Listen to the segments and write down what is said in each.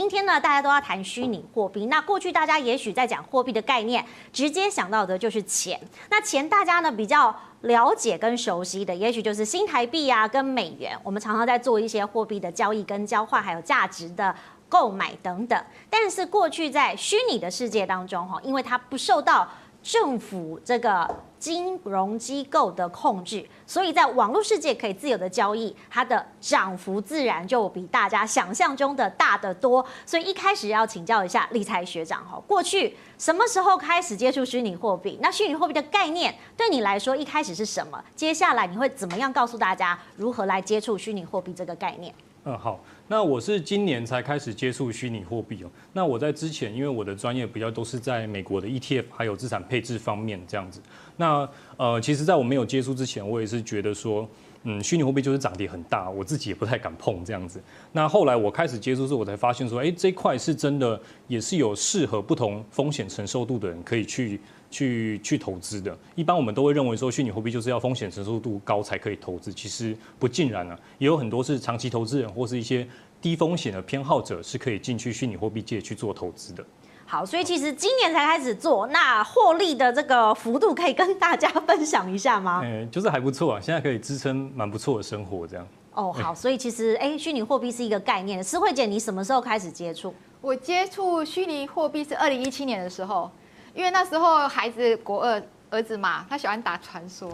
今天呢，大家都要談虛擬貨幣。那過去大家也許在講貨幣的概念，直接想到的就是錢。那錢大家呢比較了解跟熟悉的，也許就是新台幣啊跟美元。我們常常在做一些貨幣的交易跟交換，還有價值的購買等等。但是過去在虛擬的世界當中，哈，因為它不受到政府這個金融機構的控制，所以在網絡世界可以自由的交易，它的漲幅自然就比大家想象中的大得多。所以一開始要請教一下理財學長哈，過去什麼時候開始接觸虛擬貨幣？那虛擬貨幣的概念對你來說一開始是什麼？接下來你會怎麼樣告訴大家如何來接觸虛擬貨幣這個概念？嗯，好。那我是今年才開始接觸虛擬貨幣哦。那我在之前，因為我的專業比較都是在美國的 ETF 還有資產配置方面這樣子。那呃，其實在我沒有接觸之前，我也是覺得說，嗯，虛擬貨幣就是漲跌很大，我自己也不太敢碰這樣子。那後來我開始接觸之後，我才發現說，哎、欸，這一塊是真的也是有適合不同風險承受度的人可以去。去去投資的，一般我們都會認為說，虛擬貨幣就是要風險承受度高才可以投資，其實不盡然了、啊,也有很多是長期投資人或是一些低風險的偏好者是可以進去虛擬貨幣界去做投資的。好，所以其實今年才開始做，好那獲利的這個幅度可以跟大家分享一下嗎？嗯、欸，就是還不錯啊，現在可以支撐蠻不錯的生活這樣。哦，好，欸、所以其實哎，虛擬貨幣是一個概念，詩慧姐你什麼時候開始接觸？我接觸虛擬貨幣是二零一七年的時候。因為那時候孩子國二兒子嘛，他喜歡打傳說，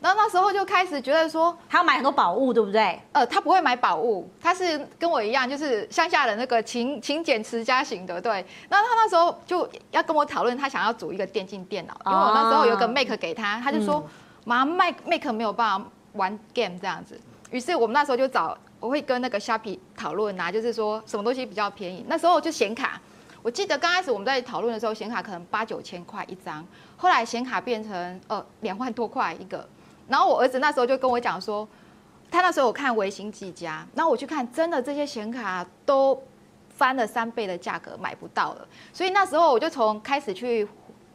然後那時候就開始覺得說還要買很多寶物，對不對？呃，他不會買寶物，他是跟我一樣，就是鄉下的那個勤勤儉持家型的，對。那他那時候就要跟我討論，他想要組一個電競電腦，哦、因為我那時候有個 Mac 給他，他就說，媽 Mac Mac 沒有辦法玩 game 這樣子。於是我們那時候就找，我會跟那個蝦皮討論啊，就是說什麼東西比較便宜，那時候就顯卡。我記得剛開始我們在討論的時候，顯卡可能八九千塊一張，後來顯卡變成呃兩萬多塊一個。然後我兒子那時候就跟我講說，他那時候我看微星技嘉，那我去看真的這些顯卡都翻了三倍的價格買不到了。所以那時候我就從開始去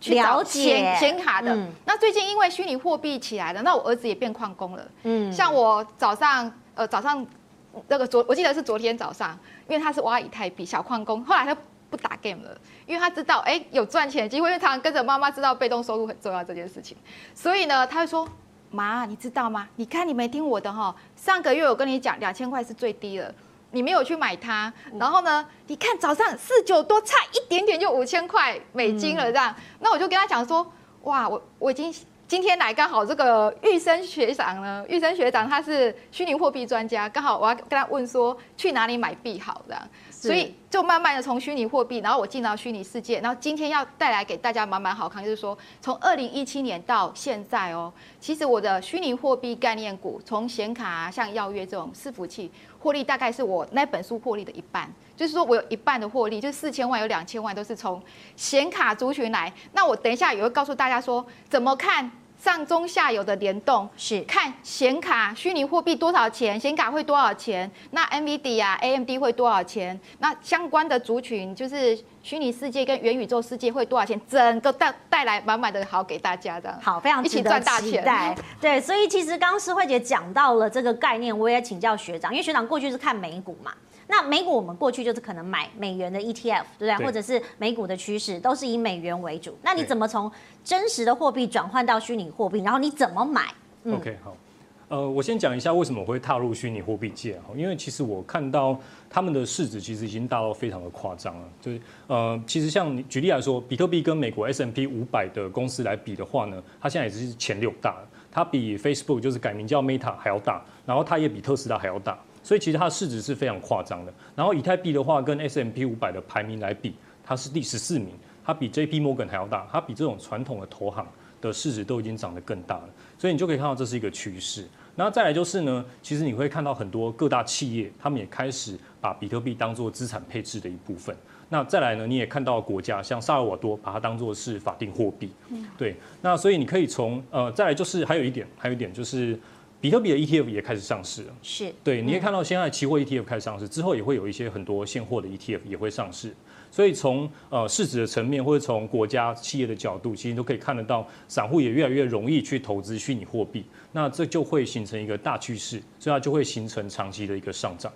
去找顯卡的。那最近因為虛擬貨幣起來了，那我兒子也變礦工了。嗯，像我早上呃早上那個昨我記得是昨天早上，因為他是挖以太幣小礦工，後來他。打 game 了，因為他知道，哎、欸，有賺錢的機會，因為常常跟着媽媽知道被動收入很重要這件事情，所以呢，他會說：“媽，你知道嗎？你看你沒聽我的哈，上個月我跟你講兩千塊是最低了，你沒有去買它。然後呢，嗯、你看早上四九多差一點點就五千塊美金了這樣。嗯、那我就跟他講說，哇，我我已經今天來剛好這個玉生學長呢。」玉生學長他是虛擬貨幣專家，剛好我要跟他問說去哪裡買幣好這樣，所以。”就慢慢的從虛擬貨幣，然後我進到虛擬世界，然後今天要帶來給大家滿滿好康，就是說從二零一七年到現在哦，其實我的虛擬貨幣概念股，從顯卡，啊、像耀越這種伺服器獲利，大概是我那本書獲利的一半，就是說我有一半的獲利，就是四千萬有兩千萬都是從顯卡族群來，那我等一下也會告訴大家說怎麼看。上中下游的聯動是看顯卡虛擬貨幣多少錢，顯卡會多少錢？那 NVIDIA，AMD 會多少錢？那相關的族群就是虛擬世界跟元宇宙世界會多少錢？對整個帶帶來滿滿的好給大家的。好，非常值得一起賺大錢。對，所以其實剛剛施慧姐講到了這個概念，我也請教學長，因為學長過去是看美股嘛。那美股我們過去就是可能買美元的 ETF，對不、啊、對？或者是美股的趨勢都是以美元為主。對那你怎麼從真實的貨幣轉換到虛擬貨幣，然後你怎麼買、嗯、？OK，好，呃，我先講一下為什麼我會踏入虛擬貨幣界哈，因為其實我看到他們的市值其實已經大到非常的誇張了。就是呃，其實像舉例來說，比特幣跟美國 S&P 五百的公司來比的話呢，它現在也是前六大，它比 Facebook 就是改名叫 Meta 還要大，然後它也比特斯拉還要大。所以其實它的市值是非常誇張的。然後以太幣的話，跟 S&P 五百的排名來比，它是第十四名，它比 J P Morgan 還要大，它比這種傳統的投行的市值都已經漲得更大了。所以你就可以看到這是一個趨勢。那再來就是呢，其實你會看到很多各大企業，他們也開始把比特幣當做資產配置的一部分。那再來呢，你也看到國家像薩爾瓦多把它當做是法定貨幣。對。那所以你可以從呃，再來就是還有一點，還有一點就是。比特幣的 ETF 也開始上市了，是，對，你也看到現在期貨 ETF 開始上市，之後也會有一些很多現貨的 ETF 也會上市，所以從呃市值的層面，或者從國家企業的角度，其實你都可以看得到，散戶也越來越容易去投資虛擬貨幣，那這就會形成一個大趨勢，所以它就會形成長期的一個上漲。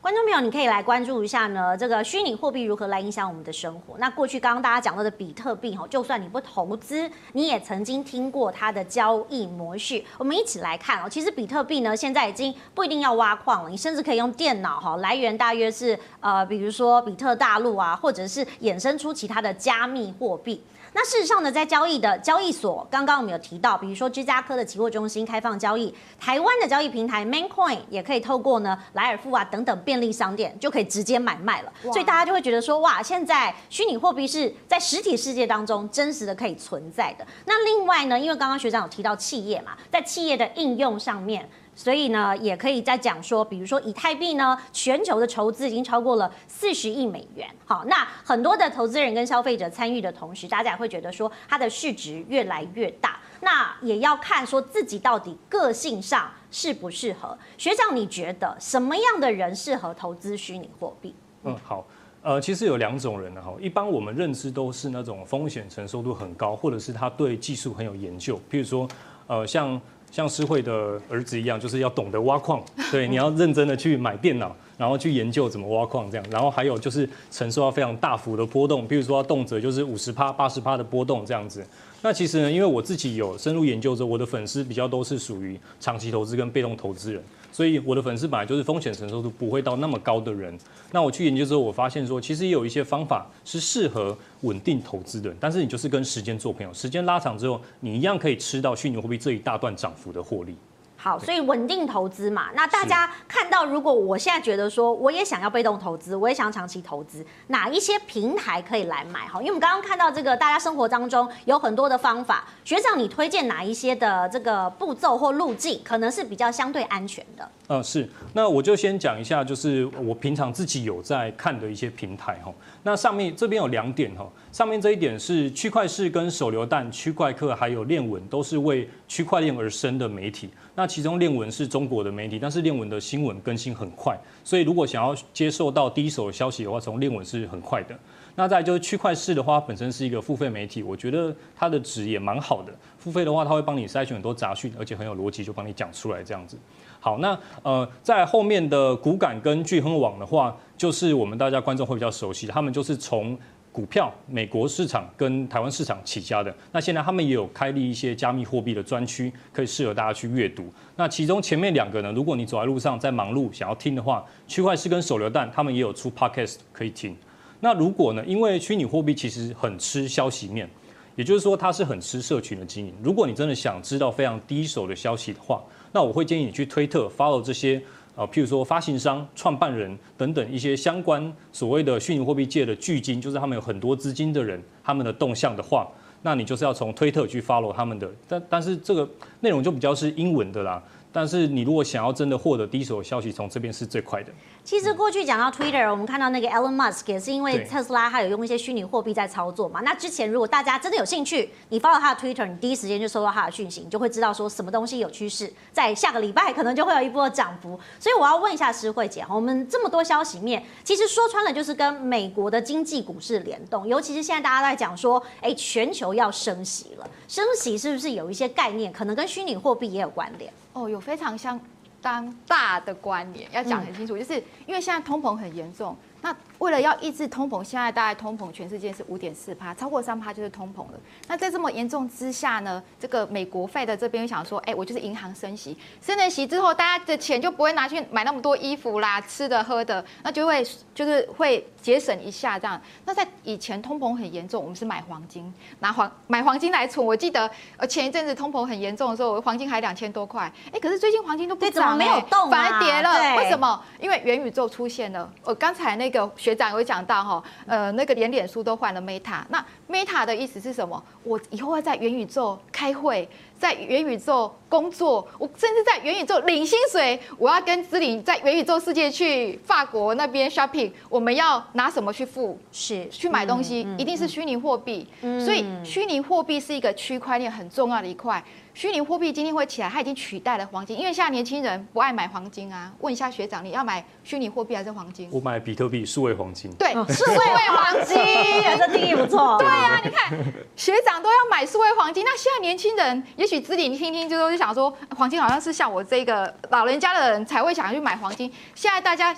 觀眾朋友，你可以來關注一下呢，這個虛擬貨幣如何來影響我們的生活？那過去剛剛大家講到的比特幣哈，就算你不投資，你也曾經聽過它的交易模式。我們一起來看哦，其實比特幣呢，現在已經不一定要挖礦了，你甚至可以用電腦哈，來源大約是呃，比如說比特大陸啊，或者是衍生出其他的加密貨幣。那事實上呢，在交易的交易所，剛剛我們有提到，比如說芝加哥的期貨中心開放交易，台灣的交易平台 MainCoin 也可以透過呢萊爾富啊等等便利商店就可以直接買賣了。所以大家就會覺得說，哇，現在虛擬貨幣是在實體世界當中真實的可以存在的。那另外呢，因為剛剛學長有提到企業嘛，在企業的應用上面。所以呢，也可以再講說，比如說以太幣呢，全球的籌資已經超過了四十億美元。好，那很多的投資人跟消費者參與的同時，大家也會覺得說它的市值越來越大。那也要看說自己到底個性上適不適合。學長，你覺得什麼樣的人適合投資虛擬貨幣？嗯，嗯，好，呃，其實有兩種人啊，哈，一般我們認知都是那種風險承受度很高，或者是他對技術很有研究，譬如說，呃，像。像詩會的兒子一樣，就是要懂得挖礦。對，你要認真的去買電腦，然後去研究怎麼挖礦這樣。然後還有就是承受到非常大幅的波動，比如說要動輒就是五十趴、八十趴的波動這樣子。那其實呢，因為我自己有深入研究之後，我的粉絲比較都是屬於長期投資跟被動投資人。所以我的粉絲本來就是風險承受度不會到那麼高的人，那我去研究之後，我發現說其實也有一些方法是適合穩定投資的人，但是你就是跟時間做朋友，時間拉長之後，你一樣可以吃到虛擬貨幣這一大段漲幅的獲利。好，所以穩定投資嘛，那大家看到，如果我現在覺得說，我也想要被動投資，我也想要長期投資，哪一些平台可以來買哈？因為我們剛剛看到這個，大家生活當中有很多的方法，學長你推薦哪一些的這個步驟或路徑，可能是比較相對安全的？嗯，是，那我就先講一下，就是我平常自己有在看的一些平台哈。那上面這邊有兩點哈，上面這一點是區塊市跟手榴彈、區塊客還有鏈聞都是為區塊鏈而生的媒體，那。其中鏈聞是中國的媒體，但是鏈聞的新聞更新很快，所以如果想要接受到第一手消息的話，從鏈聞是很快的。那再就是區塊勢的話，本身是一個付費媒體，我覺得它的值也蠻好的。付費的話，它會幫你篩選很多雜訊，而且很有邏輯，就幫你講出來這樣子。好，那呃，在後面的股感跟鉅亨網的話，就是我們大家觀眾會比較熟悉，他們就是從。股票、美國市場跟台灣市場起家的，那現在他們也有開立一些加密貨幣的專區，可以適合大家去閱讀。那其中前面兩個呢，如果你走在路上在忙碌想要聽的話，區塊勢跟手榴彈他們也有出 podcast 可以聽。那如果呢，因為虛擬貨幣其實很吃消息面，也就是說它是很吃社群的經營。如果你真的想知道非常第一手的消息的話，那我會建議你去推特 follow 這些。啊，譬如說發行商、創辦人等等一些相關所謂的虛擬貨幣界的巨金，就是他們有很多資金的人，他們的動向的話，那你就是要從推特去 follow 他們的，但但是這個內容就比較是英文的啦。但是你如果想要真的獲得第一手消息，從這邊是最快的。其實過去講到 Twitter，嗯、我們看到那個 Elon Musk 也是因為特斯拉，它有用一些虛擬貨幣在操作嘛。對那之前如果大家真的有興趣，你 follow 他的 Twitter，你第一時間就收到他的訊息，你就會知道說什麼東西有趨勢，在下個禮拜可能就會有一波漲幅。所以我要問一下詩慧姐，我們這麼多消息面，其實說穿了就是跟美國的經濟股市聯動，尤其是現在大家在講說，哎、欸，全球要升息了，升息是不是有一些概念，可能跟虛擬貨幣也有關聯？哦，有非常相當大的關聯，要講很清楚，嗯、就是因為現在通膨很嚴重，那，為了要抑制通膨，現在大概通膨全世界是五點四趴，超過三趴就是通膨了。那在這麼嚴重之下呢，這個美國費的這邊想說，哎、欸，我就是銀行升息，升了息之後，大家的錢就不會拿去買那麼多衣服啦、吃的喝的，那就會就是會節省一下這樣。那在以前通膨很嚴重，我們是買黃金，拿黃買黃金來儲。我記得呃前一陣子通膨很嚴重的時候，黃金還兩千多塊，哎、欸，可是最近黃金都不漲、欸，沒有動、啊，白跌了，對為什麼？因為元宇宙出現了。我剛才那個。學長有講到哈、哦，呃，那個連臉書都換了 Meta，那 Meta 的意思是什麼？我以後要在元宇宙開會，在元宇宙工作，我甚至在元宇宙領薪水。我要跟子林在元宇宙世界去法國那邊 shopping，我們要拿什麼去付？是去買東西，嗯嗯、一定是虛擬貨幣。嗯、所以，虛擬貨幣是一個區塊鏈很重要的一塊。虛擬貨幣今天會起來，它已經取代了黃金，因為現在年輕人不愛買黃金啊。問一下學長，你要買虛擬貨幣還是黃金？我買比特幣、數位黃金。對，哦、數位黃金、哦，這定義不錯啊。 對啊，你看學長都要買數位黃金，那現在年輕人 也許自己聽聽，就說就想說黃金好像是像我這個老人家的人才會想去買黃金，現在大家。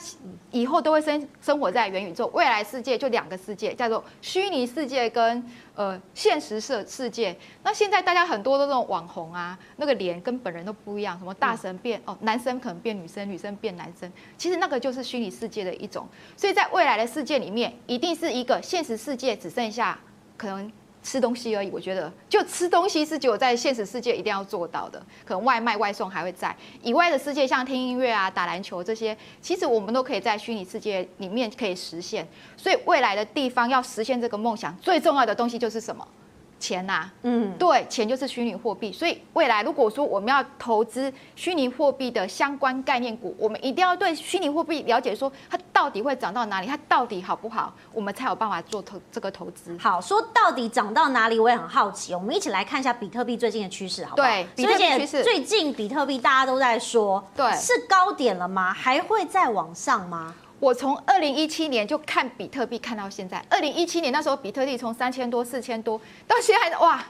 以後都會生生活在元宇宙未來世界，就兩個世界，叫做虛擬世界跟呃現實世界。那現在大家很多的這種網紅啊，那個臉跟本人都不一樣，什麼大神變哦，男生可能變女生，女生變男生，其實那個就是虛擬世界的一種。所以在未來的世界裡面，一定是一個現實世界只剩下可能。吃東西而已，我覺得就吃東西是只有在現實世界一定要做到的。可能外賣外送還會在以外的世界，像聽音樂啊、打籃球這些，其實我們都可以在虛擬世界裡面可以實現。所以未來的地方要實現這個夢想，最重要的東西就是什麼？錢吶、啊，嗯，對，錢就是虛擬貨幣，所以未來如果說我們要投資虛擬貨幣的相關概念股，我們一定要對虛擬貨幣了解，說它到底會漲到哪裡，它到底好不好，我們才有辦法做投這個投資。好，說到底漲到哪裡，我也很好奇，我們一起來看一下比特幣最近的趨勢，好不好？對，比特幣的趨勢。最近比特幣大家都在說，對，是高點了嗎？還會再往上嗎？我從二零一七年就看比特幣，看到現在。二零一七年那時候，比特幣從三千多、四千多，到現在，哇！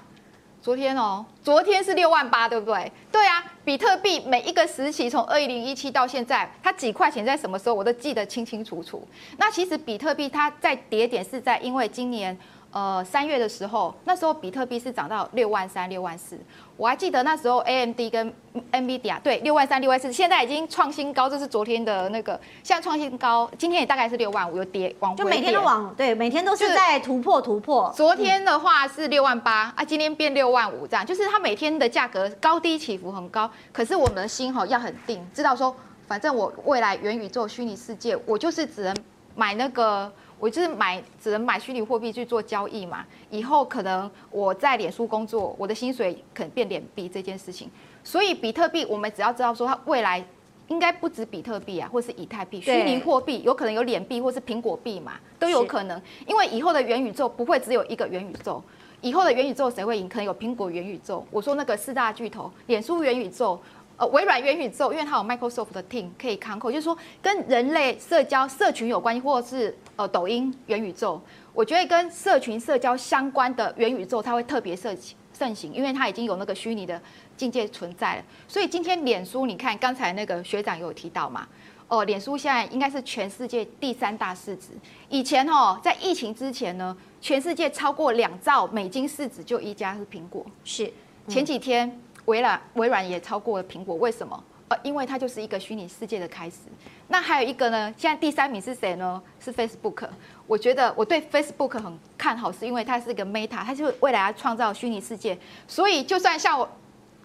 昨天哦，昨天是六萬八，對不對？對啊，比特幣每一個時期，從二零一七到現在，它幾塊錢在什麼時候，我都記得清清楚楚。那其實比特幣它在跌點是在，因為今年。呃，三月的時候，那時候比特幣是漲到六萬三、六萬四。我還記得那時候 AMD 跟 NVIDIA，對，六萬三、六萬四，現在已經創新高，這、就是昨天的那個，現在創新高，今天也大概是六萬五，又跌往就每天都往對，每天都是在突破就突破。昨天的話是六萬八啊，今天變六萬五這樣，就是它每天的價格高低起伏很高。可是我們的心哈、哦、要很定，知道說，反正我未來元宇宙、虛擬世界，我就是只能買那個。我就是買，只能買虛擬貨幣去做交易嘛。以後可能我在臉書工作，我的薪水可能變臉幣這件事情。所以比特幣，我們只要知道說它未來應該不止比特幣啊，或是以太幣，虛擬貨幣有可能有臉幣或是蘋果幣嘛，都有可能。因為以後的元宇宙不會只有一個元宇宙，以後的元宇宙誰會贏？可能有蘋果元宇宙。我說那個四大巨頭，臉書元宇宙。呃，微軟元宇宙，因為它有 Microsoft 的 Team 可以掌控，就是說跟人類社交社群有關係，或者是呃抖音元宇宙，我覺得跟社群社交相關的元宇宙，它會特別盛盛行，因為它已經有那個虛擬的境界存在了。所以今天臉書，你看剛才那個學長有提到嘛，哦，臉書現在應該是全世界第三大市值。以前哦在疫情之前呢，全世界超過兩兆美金市值就一家是蘋果，是前幾天。微軟，微軟也超過了蘋果，為什麼？呃，因為它就是一個虛擬世界的開始。那還有一個呢？現在第三名是誰呢？是 Facebook。我覺得我對 Facebook 很看好，是因為它是一個 Meta，它就未來要創造虛擬世界。所以，就算像我，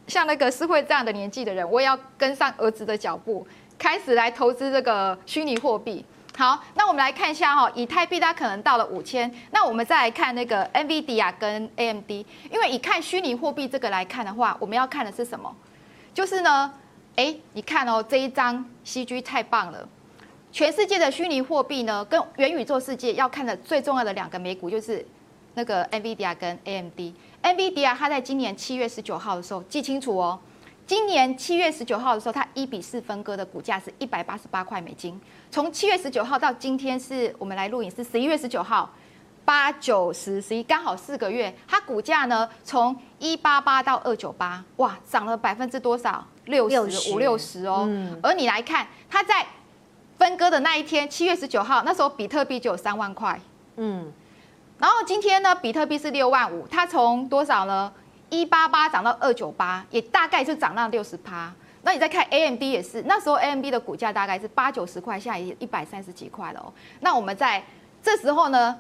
像那個思慧這樣的年紀的人，我也要跟上兒子的腳步，開始來投資這個虛擬貨幣。好，那我們來看一下哈、哦，以太幣它可能到了五千，那我們再來看那個 NVIDIA 跟 AMD，因為以看虛擬貨幣這個來看的話，我們要看的是什麼？就是呢，哎、欸，你看哦，這一張 CG 太棒了，全世界的虛擬貨幣呢，跟元宇宙世界要看的最重要的兩個美股就是那個 NVIDIA 跟 AMD，NVIDIA 它在今年七月十九號的時候，記清楚哦。今年七月十九號的時候，它一比四分割的股價是一百八十八塊美金。從七月十九號到今天是我們來錄影是十一月十九號，八九十十一，剛好四個月。它股價呢，從一八八到二九八，哇，漲了百分之多少？六十五六十哦。而你來看，它在分割的那一天，七月十九號那時候比特幣就有三萬塊，嗯。然後今天呢，比特幣是六萬五，它從多少呢？一八八漲到二九八，也大概是漲了六十趴，那你再看 AMD 也是，那時候 AMD 的股價大概是八九十塊，現在也一百三十幾塊了、哦。那我們在這時候呢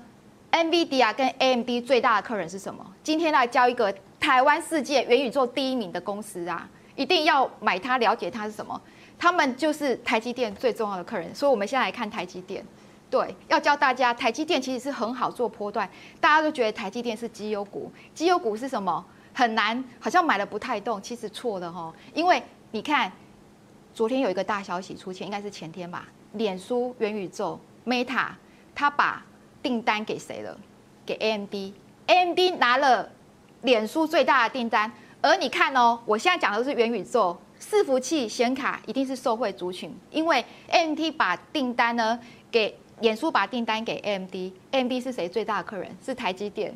，NVIDIA 跟 AMD 最大的客人是什麼？今天來教一個台灣世界元宇宙第一名的公司啊，一定要買它，了解它是什麼。他們就是台積電最重要的客人，所以我們先來看台積電。對，要教大家台積電其實是很好做波段。大家都覺得台積電是績優股，績優股是什麼？很難，好像買了不太動，其實錯了哦，因為你看，昨天有一個大消息出現，應該是前天吧。臉書元宇宙 Meta，他把訂單給誰了？給 AMD，AMD 拿了臉書最大的訂單。而你看哦、喔，我現在講的是元宇宙伺服器顯卡，一定是受惠族群，因為 AMD 把訂單呢給臉書，把訂單給 AMD，AMD 是誰最大的客人？是台積電。